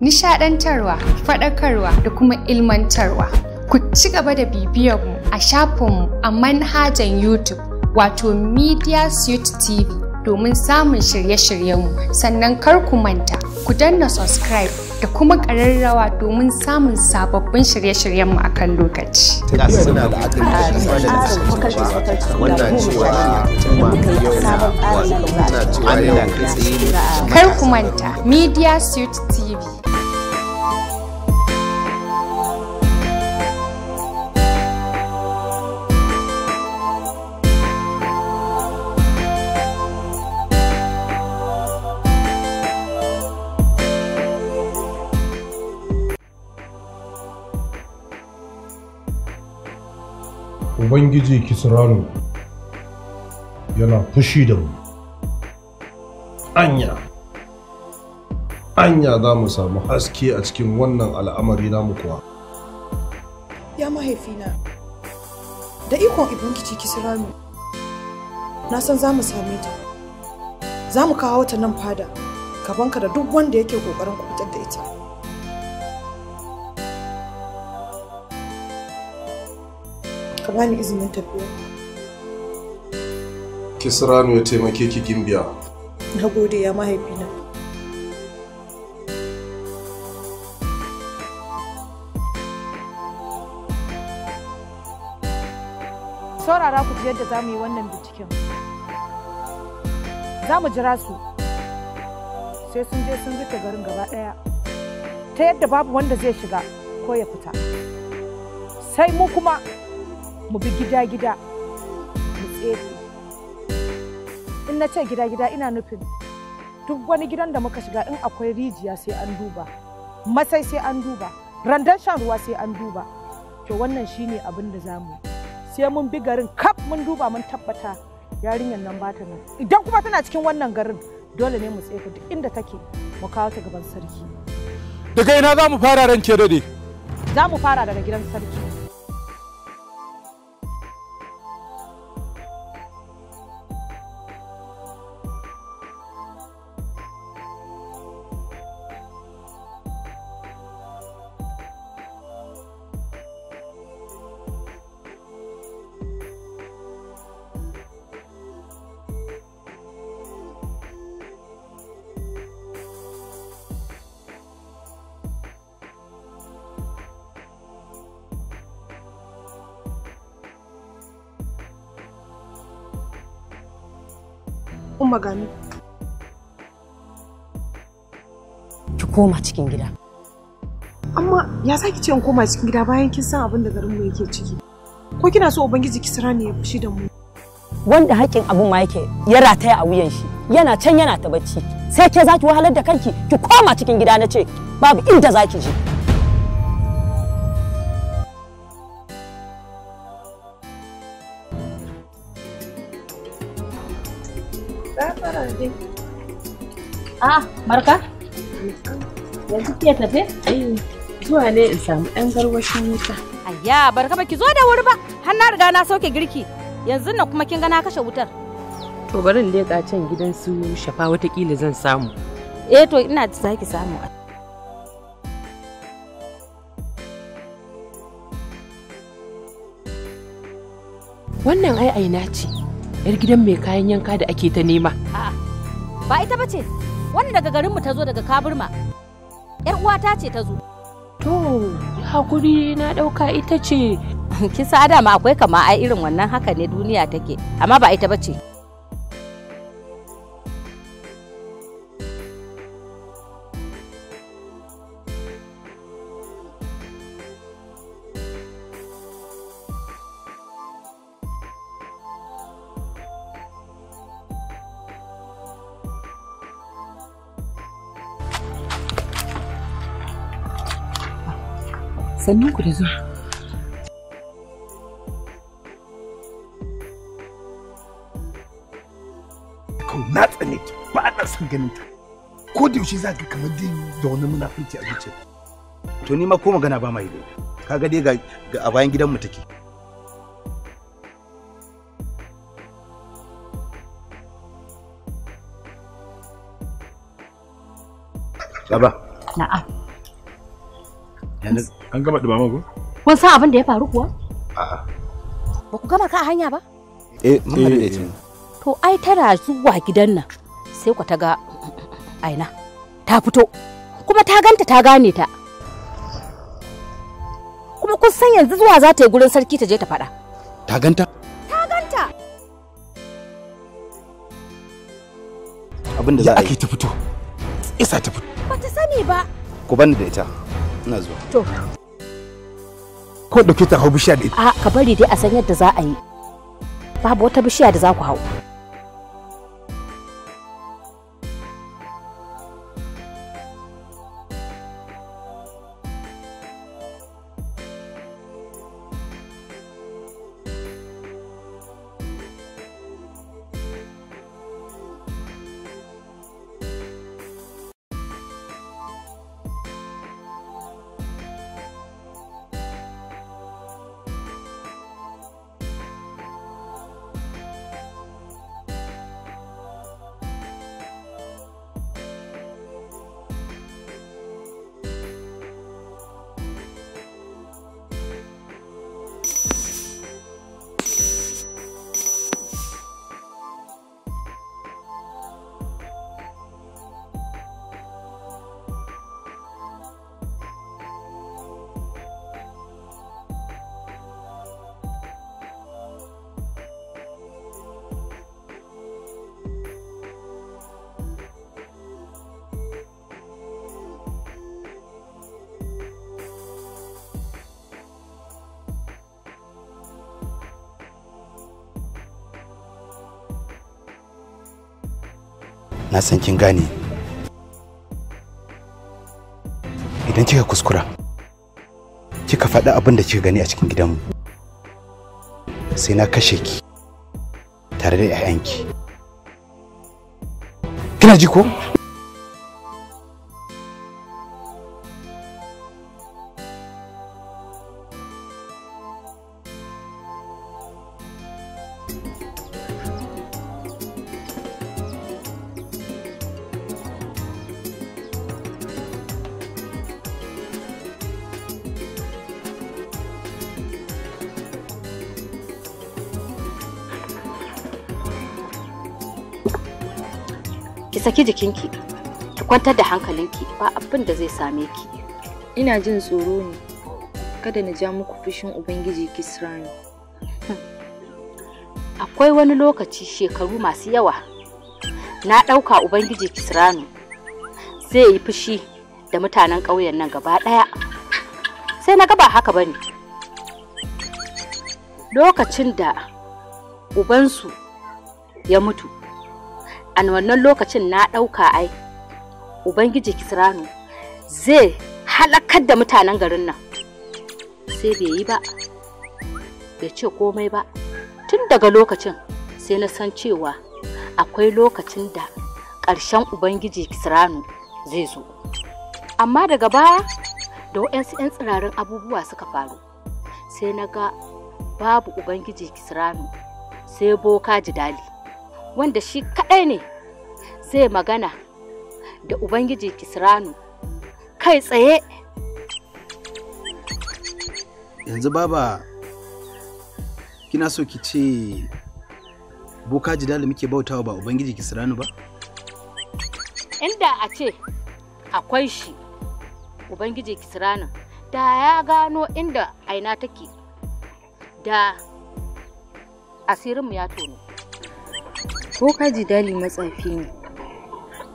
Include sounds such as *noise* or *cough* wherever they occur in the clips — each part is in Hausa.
nishadantarwa, faɗakarwa da kuma ilmantarwa. Ku ci gaba da bibiyarmu a shafinmu a manhajan YouTube wato Media Suite TV domin samun shirye-shiryenmu sannan kar ku manta ku danna subscribe da kuma ƙararrawa domin samun sababbin shirye-shiryenmu a kan lokaci. Karku Kar ku manta Media Suite TV ubangiji kisranu yana fushi da mu anya anya za mu samu haske a cikin wannan al'amari namu kuwa ya mahaifina da ikon ubangiji kisiranu na san za mu same ta za mu kawo ta nan fada ka da duk wanda yake ƙoƙarin kuɓutar da ita ka bani izinin tafiya kisranu ya taimake ki gimbiya na gode ya mahaifina saurara ku yadda za mu yi wannan binciken za mu jira su sai sun je sun rike garin gaba ɗaya ta yadda babu wanda zai shiga ko ya fita sai mu kuma mu bi gida-gida in na ce gida-gida ina nufin duk wani gidan da muka shiga in akwai rijiya sai an duba masai sai an duba randan shan ruwa sai an duba to wannan shine abin da za mu sai mun bi garin kaf mun duba mun tabbata yarinyar nan ba ta nan idan kuma tana cikin wannan garin dole ne mu tsefe duk inda take mu kawo ta gaban sarki daga ina za mu fara ranke dade za mu fara daga gidan sarki Umma gani. Ki koma cikin gida. Amma ya za ce in koma cikin gida bayan kin san abin da garin mu yake ciki. Ko kina so Ubangiji Kisra ne ya fushi da mu? Wanda haƙƙin abin ma yake ya rataya a wuyan shi yana can yana ta bacci sai ke za ki wahalar da kanki ki koma cikin gida na ce babu inda za ki je. a barka yanzu ke tafe zuwa ne in samu ɗan garwashin wuta ayya barka ba ki zo da wuri ba har na riga na sauke girki yanzu nan kuma kin ga na kashe wutar to bari in leƙa can gidan su shafa watakila zan samu eh to ina da zaki samu wannan ai aina ce yar gidan mai kayan yanka da ake ta nema a'a ba ita ce, wani daga garinmu ta zo daga kaburma yar uwata ce ta zo to hakuri na ɗauka ita ce *laughs* kisa dama akwai kama a irin wannan haka ne duniya take amma ba ita ba ce. sannan ku da zuwa kau na tsane ki ba na son ganin ta ko da yaushe za ka kamar dai da wani munafurci a zuciya to ni ma ko magana ba ma yi ga dai ga a bayan gidanmu take Baba. Na'am. An gama dumama ko? Kun san abin da ya faru kuwa? A'a. Ba ku gama ka a hanya ba? Eh, mun eh. haɗu da ita. To ai tana zuwa gidan nan sai ku ta ga aina ta fito kuma ta ganta ta gane ta. Kuma kun san yanzu zuwa za ta yi gurin sarki ta je ta faɗa. Ta ganta? Ta ganta. Abin da za a yi. ta fito. Isa ta fito. Ba ta sani ba. Ku bani da ita. ina zuwa to ko dauke ta hau bishiya da a ka bari dai a san yadda za a yi babu wata bishiya da za ku hau na san kin gane idan kika kuskura kika faɗi abin da kika gani a cikin gidanmu sai na kashe ki tare da 'ya'yanki kina ji ko ki saki jikinki ki kwantar da hankalinki ba abin da zai same ki ina jin tsoro ne kada na ja muku fushin ubangiji kisrani *laughs* akwai wani lokaci shekaru masu yawa na ɗauka ubangiji kisranu zai yi fushi da mutanen ƙauyen nan gaba ɗaya sai na gaba haka bane lokacin da ubansu ya mutu a wannan lokacin na ɗauka ai ubangiji kisranu zai halakar da mutanen garin nan sai bai yi ba bai ce komai ba tun daga lokacin sai na san cewa akwai lokacin da ƙarshen ubangiji kisranu zai zo amma daga baya da waɗansu 'yan tsirarin abubuwa suka faru sai na ga babu ubangiji kisranu sai boka jidali wanda shi kaɗai ne zai magana da Ubangiji Kisranu kai tsaye. Yanzu baba kina so ki ce boka jidali muke bautawa ba Ubangiji Kisranu ba? Inda a ce akwai shi Ubangiji Kisranu da ya gano inda aina take da asirinmu ya tono. boka jidali matsafi ne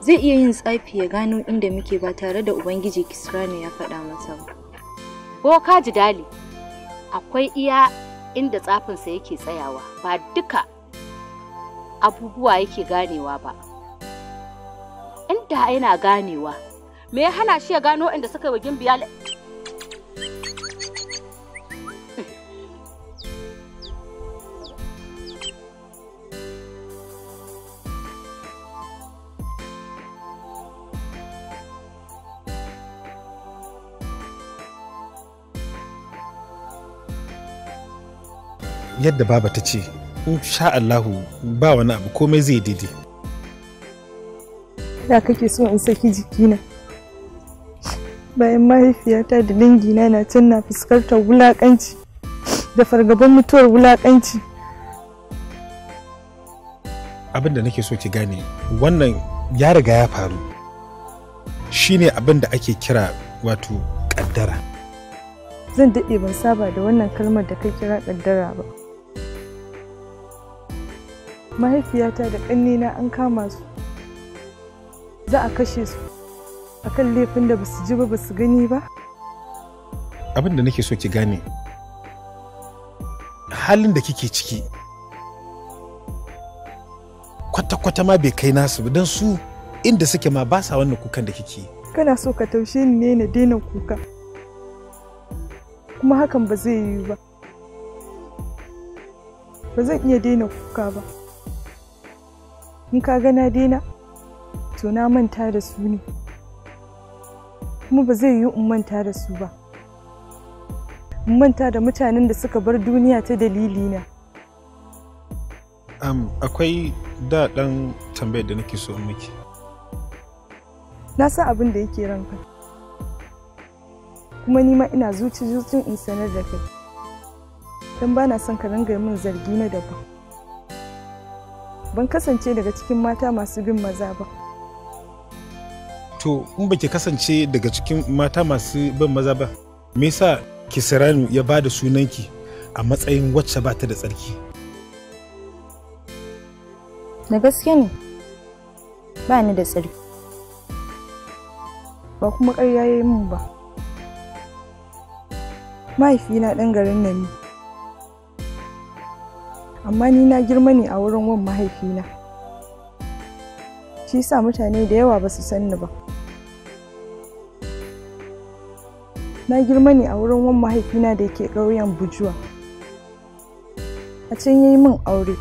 zai iya yin tsafi ya gano inda muke ba tare da ubangiji kisrani ya faɗa masa ba boka jidali akwai iya inda tsafinsa yake tsayawa ba duka abubuwa yake ganewa ba inda yana ganewa me ya hana shi ya gano inda suka yi wa gimbiya yadda baba ta ce sha Allahu ba wani abu komai zai daidai da kake so in saki jikina bayan mahaifiyata da dangina na can na fuskantar wulakanci da fargaban mutuwar wulakanci abin da nake so ki gane wannan ya riga ya faru shine abin da ake kira wato kaddara zan daɗe ban saba da wannan kalmar da ka kira kaddara ba mahaifiyata da ƙannena an kama su za a kashe su a kan laifin da ba su ji ba su gani ba abin da nake so ki gane halin da kike ciki kwata-kwata ma bai kai nasu ba don su inda suke ma ba sa wannan kukan da kike kana so ka taushe ni ne na daina kuka kuma hakan ba zai yiwu ba ba zan iya daina kuka ba in ka gana daina to na manta da su ne kuma ba zai yi in manta da su ba in manta da mutanen da suka bar duniya ta na um, akwai da ɗan tambayar da nake so miki na san abin da yake ranka kuma ni ma ina zuci zuci in sanar da kai don ba na son ka ringa min zargi na daban ban kasance daga cikin mata masu bin maza ba to in ba baki kasance daga cikin mata masu bin maza ba me yasa kisiranu ya ba da sunanki a matsayin wacce ba ta da tsarki na gaske ne ba ni da tsarki ba kuma ƙarya ya yi mun ba mahaifina ɗan garin nan ne amma ni na girma ne a wurin wan mahaifina shi sa mutane da yawa ba su san ba na girma ne a wurin wan mahaifina da ke ƙauyen bujuwa a can ya yi min aure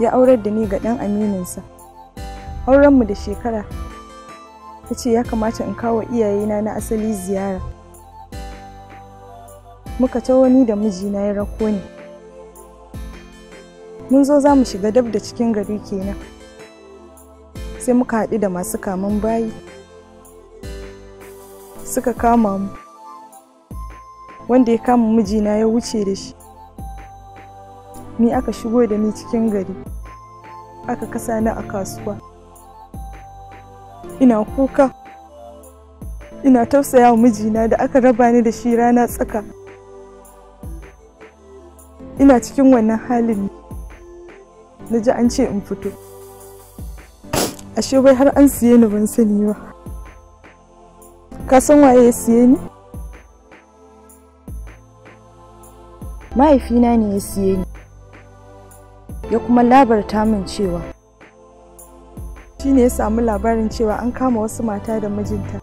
ya aurar da ni ga ɗan amininsa aurenmu da shekara ya ce ya kamata in kawo iyayena na asali ziyara muka ta wani da mijina ya rako ni. mun zo za mu shiga dab da cikin gari kenan sai muka haɗu da masu kamun bayi suka kama mu wanda ya kama mijina ya wuce da shi ni aka shigo da ni cikin gari aka kasa ni a kasuwa ina kuka ina tausaya wa mijina da aka raba ni da shi rana tsaka ina cikin wannan halin na ji an ce in fito ashe wai har an siye ni ban sani ba ka san waye ya siye ni mahaifina ne ya siye ni ya kuma labarta min cewa shine ya samu labarin cewa an kama wasu mata da mijinta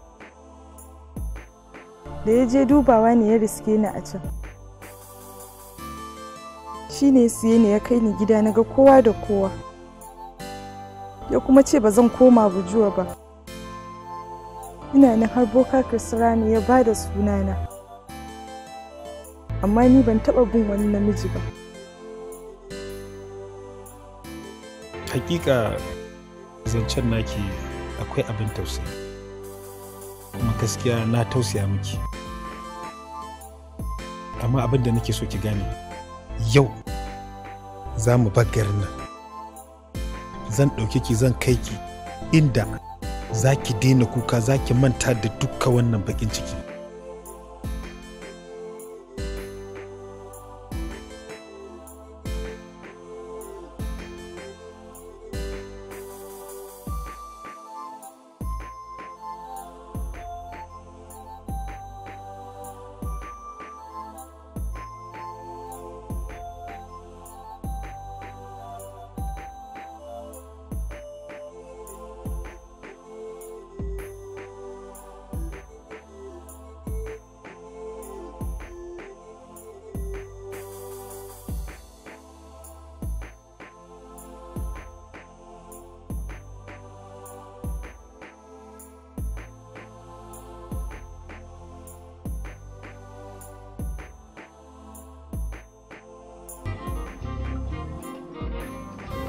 da ya je dubawa ne ya riske ni a can Shi shine siye ne ya kai ni gida na ga kowa da kowa ya kuma ce ba zan koma bujuwa ba ina nan har boka ne ya bada da sunana amma ni ban taɓa bin wani namiji ba hakika zancen naki akwai abin tausayi kuma gaskiya na tausaya miki amma abin da nake so ki gane yau za mu bar garin nan zan ɗauke ki zan kai ki inda za ki daina kuka za ki manta da dukka wannan bakin ciki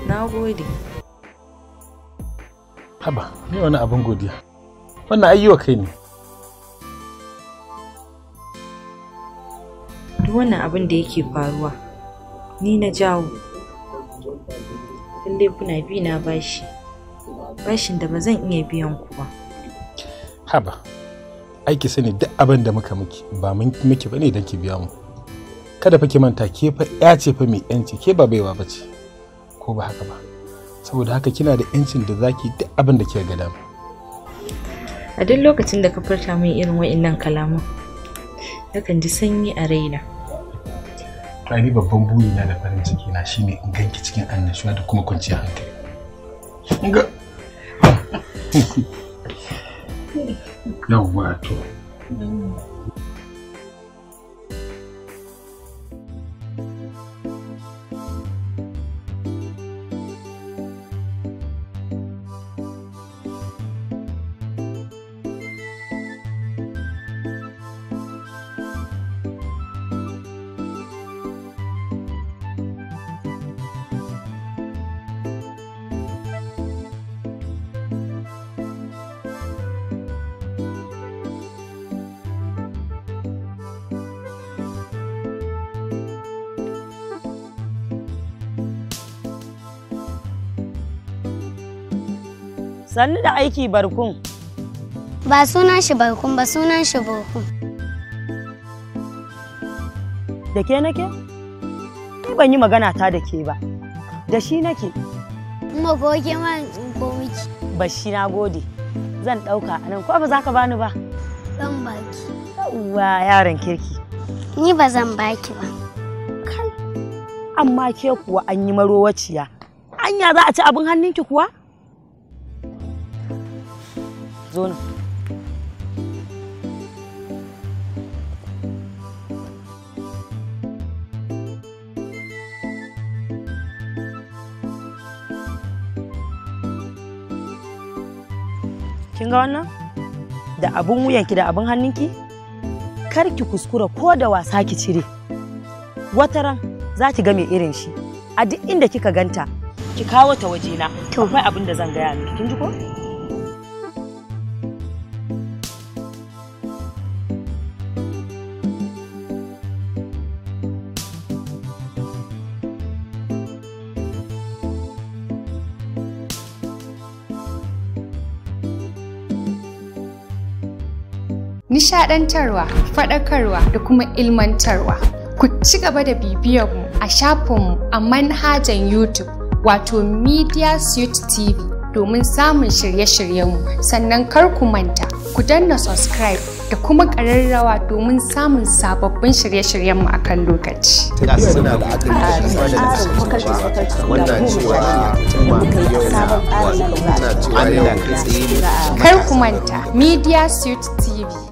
na gode haba ne wani abin godiya wannan ayyuwa kai ne duk wannan abin da yake faruwa ni na jawo lalle kuna bi na bashi bashin da ba zan iya biyan ku ba haba aiki sani duk abin da muka miki ba miki bane don ki biya mu kada fa ki manta ke fa ya ce fa mai yanci ke ba baiwa bace ko ba haka ba saboda haka kina da yancin da zaki duk abin da kika gada ba. a duk lokacin da ka furta min irin wa'annan kalaman nakan ji sanyi a raina Rani babban na da farin ciki na shine in ganki cikin annashuwa da kuma kwanciyar hankali. Ga *laughs* Yawwa to. sannu da aiki barkun. Ba sunan shi barkun ba sunan shi barkun. Da ke nake? Kai ban yi magana ta da ke ba. Da shi nake. Kuma goge man komiki. Ba Bashi na gode. Zan ɗauka a nan ko ba za ka bani ba. Zan baki. Yawwa yaron kirki. Ni ba zan baki ba. Kai, amma ke kuwa an yi marowaciya. Anya za a ci abin hannunki kuwa? Amazon. Kin ga wannan? Da abun wuyanki da abun hannun ki, Kar ki kuskura ko da wasa ki cire. Wataran za ki ga mai irin shi. A duk inda kika ganta, ki kawo ta wajena. Akwai abin da zan gaya miki. Kin ji ko? nishadantarwa, faɗakarwa da kuma ilmantarwa. Ku ci gaba da bibiyarmu a shafinmu a manhajan YouTube wato Media Suite TV domin samun shirye-shiryenmu sannan kar ku manta ku danna subscribe da kuma ƙararrawa domin samun sababbin shirye-shiryenmu a kan lokaci. Kar ku manta Media Suite TV.